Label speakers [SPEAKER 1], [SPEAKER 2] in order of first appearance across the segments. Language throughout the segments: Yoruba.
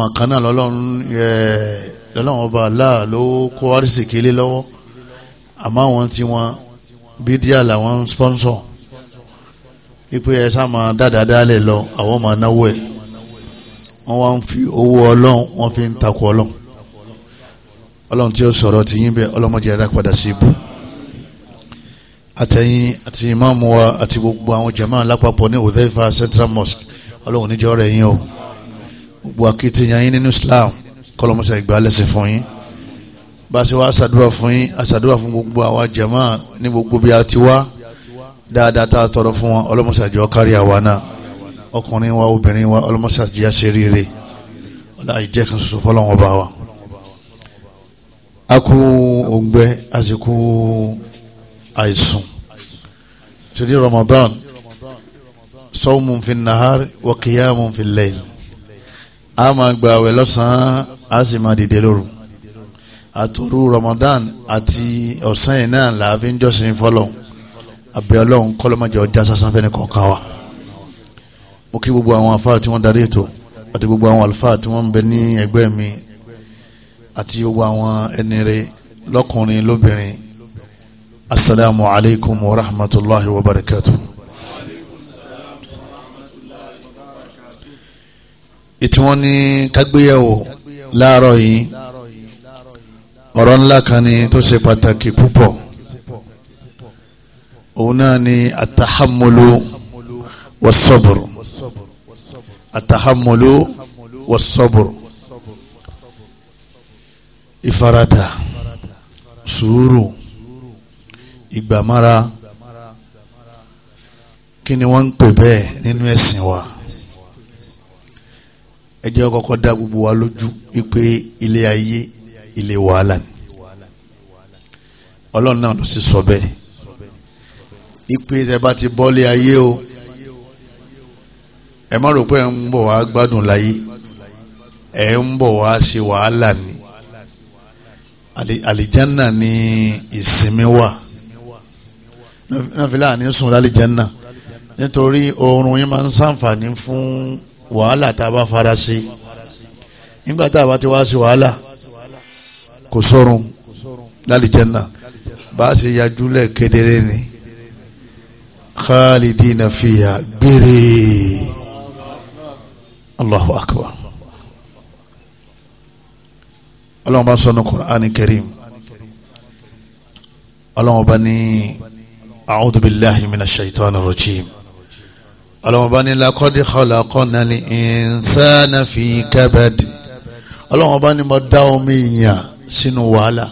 [SPEAKER 1] àwọn kan náà lọ́lọ́run lọ́lọ́run ọba aláà ló kó àrísì kélé lọ́wọ́ àmọ́ àwọn tí wọ́n bídíà làwọn ń sponsor wípé ẹ sá máa dáadáa dálẹ̀ lọ àwọn máa náwó ẹ̀ wọ́n wá ń fi owó ọlọ́run wọ́n fi ń takò ọlọ́run ọlọ́run tí ó sọ̀rọ̀ ti yín bẹ́ẹ̀ ọlọ́mọdé ẹ̀dá padà sí ibú àtẹ̀yìn àti ìmáàmù wa àti gbogbo àwọn jàmáà lápapọ̀ ní Hudhaifa Central Mosque ọlọ́run níjọ́ rẹ̀ yín o gbogbo akitiyan yín nínú Islam kọlọmọsẹ ìgbà lẹsẹ fún yín bá a ṣe wá aṣàdúrà fún yín aṣàdúrà fún gbogbo àwa jẹ̀mọ́ ní gbogbo bí a ti wá dáadáa tá a tọrọ fún wọn ọlọmọsẹ àjọ kárí àwa náà ọkùnrin wa obìnrin wa ọlọmọsẹ àjẹ àṣeríire ọlá ìjẹ kan ṣoṣo fọlọ́wọn bá wa. a kú òǹgbẹ a sì kú àìsùn torí Ramadan sawmun fin nahar wa qiyamun fil layl a máa gba àwẹ̀ lọ́sàn-án a sì máa dìde lóru àtòru Ramadan àti ọ̀sán yìí náà là á fi ń jọ́sìn fọlọ́ àbẹ̀ ọlọ́run kọ́lọ́mọjọ já sásán fẹ́ni kọ̀ọ̀kan wa mo kí gbogbo àwọn àfáà tí wọ́n darí ètò àti gbogbo àwọn àlùfáà tí wọ́n ń bẹ ní ẹgbẹ́ mi àti gbogbo àwọn ẹni lọ́kùnrin lóbìnrin asalaamualeykum wa rahmatulahi wa barakatuh. ìtí wọ́n ní kágbéyẹ̀wò láàárọ̀ yìí ọ̀rọ̀ ńlá kan ni tó ṣe pàtàkì púpọ̀ òun náà ni atahamulu wasaburu atahamulu wasaburu ìfaradà sùúrù ìgbàmára kí ni wọ́n ń pè bẹ́ẹ̀ nínú ẹ̀sìn wa ẹ jẹ́ kọ́kọ́ dá gbogbo wa lójú wípé ilé ayé ilé wàhálà ni ọlọ́run náà ló sì sọ bẹ́ẹ̀ ipe tẹ bá ti bọ́lé ayé o ẹ má rò pé ẹ ń bọ̀ wá gbádùn láyé ẹ ń bọ̀ wá ṣe wàhálà ni àlìjánà ni ìsinmi wà náà fi láàánú sùn lálìjánà nítorí oorun yín máa ń ṣàǹfààní fún wàhálà tá a bá fara sí nígbà tá a bá ti wá sí wàhálà kò sọrùn lálìjẹ́nà bá a ṣe yajú lẹ̀ kedere ni khalidina fiya gbére allahu akbar ọlọ́run bá sọ ní karim ọlọ́run bá ní a'udhu billahi minash shaitani rajim ọlọ́wọ́n bá ní lakọ́dí khalaqna li insana fi kabadi ọlọ́wọ́n bá ní mo dá omi ìyàn sínú wàhálà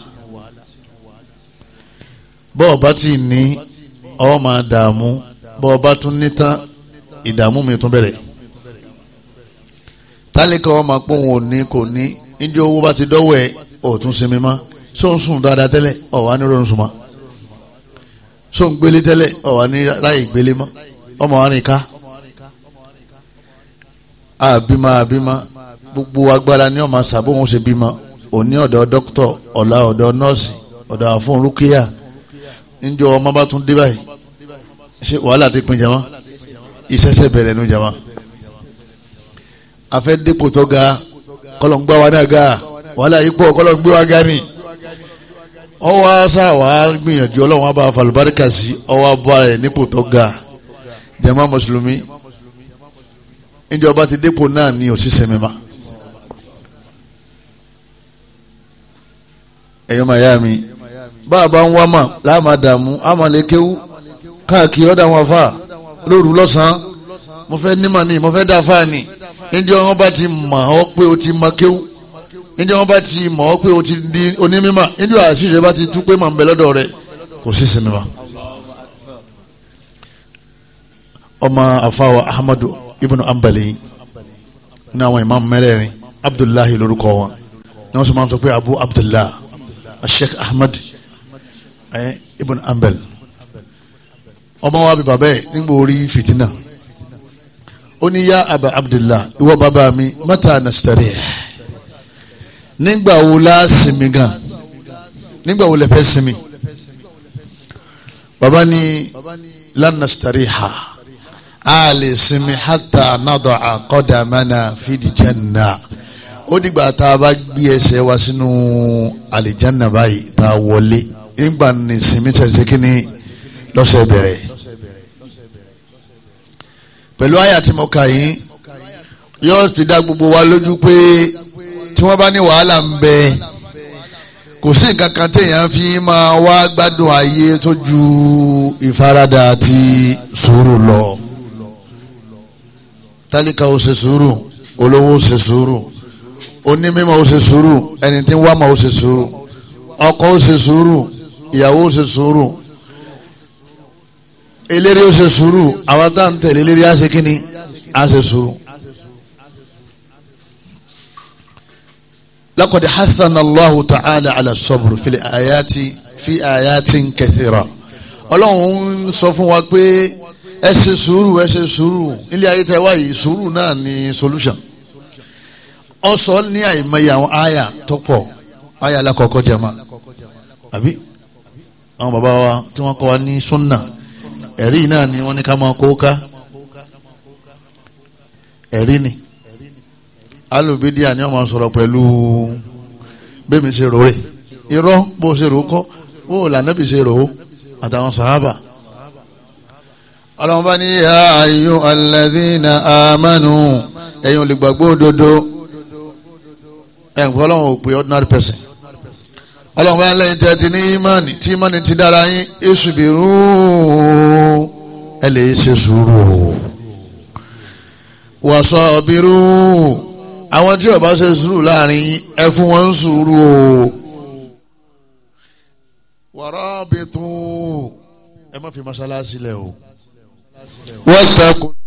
[SPEAKER 1] bọ́ọ̀ bá ti ní ọ máa dààmú bọ́ọ̀ bá tún ní tán ìdààmú mi tún bẹ̀rẹ̀ tálíkà ọmọ pòun ò ní kò ní níjẹ́ owó bá ti dọ́wọ́ ẹ̀ ọ̀tún sinmi má so ń sùn dáadáa tẹ́lẹ̀ ọ̀wá ní ronú sùn má so gbélé tẹ́lẹ̀ ọ̀wá ní ráyè gbélé má ọmọ wa ní ká àbímọ àbímọ gbogbo agbára ni ọmọ sàbóhun ṣe bímọ òní ọ̀dọ̀ dókítọ̀ ọ̀la ọ̀dọ̀ nọ́ọ̀sì ọ̀dọ̀ àfọ̀n rúkìá níjọ ọmọ bá tún dé báyìí ṣé wàhálà ti pin jama ìṣẹ̀ṣẹ̀ bẹ̀rẹ̀ nu jama afẹ́ dépò tó ga kọlọ̀ ń gbá wa náà ga wàhálà yìí pọ̀ kọlọ̀ ń gbé wa ga ni ọwọ́ aṣá wa gbìyànjú ọlọ́run wa bá falùbáríkà sí ọwọ́ abọ́ rẹ̀ nípò tó ga jama mùsùlùmí ìjọba ti dépò náà ní òṣìṣẹ́ mímá. ẹ̀yọ́ màyá mi bá a bá ń wá mà láàmà dààmú àmà lè kéwú káàkiri ọ̀dà wọn fà lóru lọ́sàn-án mo fẹ́ nímọ̀ ni mo fẹ́ dá fáà ni ǹjẹ́ wọn bá ti mọ̀ ọ́ pé o ti mọ kéwú ǹjẹ́ wọn bá ti mọ̀ ọ́ pé o ti di onímímọ̀ ǹjẹ́ àṣìṣe bá ti tú pé màá ń bẹ lọ́dọ̀ rẹ kò sí sinimá ọmọ àfàwọ̀ Ahmadu ibùnú ambali ní àwọn imam mẹ́rẹ̀ẹ̀rin abdullahi lórúkọ wọn ní wọ́n sọ máa ń sọ pé abu abdullah sheikh ahmed ibùnú ambali ọmọ wa bí bàbá ẹ̀ nígbà orí fìtínà ó ní yá aba abdullah ìwọ bàbá mi mata nastarih nígbà wo láàsìmí gan nígbà wo lẹ́fẹ̀ẹ́ sinmi bàbá ni lan nastariha a lè sinmi hata nadọ àkọdàmánà fìdíjànà ó dìgbà tá a bá gbé ẹsẹ̀ wa sínú àlìjánà báyìí tá a wọlé nígbà ní sinmi tẹ̀sí kínní lọ́sẹ̀ bẹ̀rẹ̀ pẹ̀lú àyà tí mo kà yín yóò ti dá gbogbo wa lójú pé tí wọ́n bá ní wàhálà ń bẹ kò sí nǹkan kan téèyàn fi máa wá gbádùn ayé tó ju ìfaradà àti sùúrù lọ tálíkà ó ṣe sùúrù olówó ó ṣe sùúrù onímọ̀ ó ṣe sùúrù ẹni tí ń wá mọ̀ ó ṣe sùúrù ọkọ ó ṣe sùúrù ìyàwó ó ṣe sùúrù eléré ó ṣe sùúrù àwọn tá à ń tẹ̀lé eléré á ṣe kíni á ṣe sùúrù. لقد حثنا الله تعالى على الصبر في الآيات في آيات كثيرة ọlọ́run ń sọ ẹ ṣe sùúrù ẹ ṣe sùúrù nílé ayé tẹ wá yìí sùúrù náà ni solution ọsọ ní àìmọye àwọn àyà tó pọ̀ àyà alákọ̀ọ́kọ́ jẹma àbí àwọn bàbá wa tí wọ́n kọ́ wa ní sunna ẹ̀rí náà ni wọ́n ní ká máa kó ká ẹ̀rí ni alùbídíà ni wọ́n máa sọ̀rọ̀ pẹ̀lú bẹ́ẹ̀ mi ṣe rò rẹ̀ irọ́ bó ṣe rò kọ́ bó lànà bí ṣe rò ó àtàwọn sàhábà ọlọ́run ya ayu aladina amanu ẹ̀yin olùgbàgbọ́ òdodo ẹ̀ǹkọ́ ọlọ́run ò pé ordinary person ọlọ́run bá lẹ́yìn tẹ́ ti ní ìmánì tí ìmánì ti dára yín èṣù bí rúùn ẹ lè ṣe sùúrù wàṣọ bí rúùn àwọn tí ó ṣe sùúrù láàrin yín ẹ fún wọn ń sùúrù o wàrà bí tún ẹ má fi masalasi lẹ o. واتقوا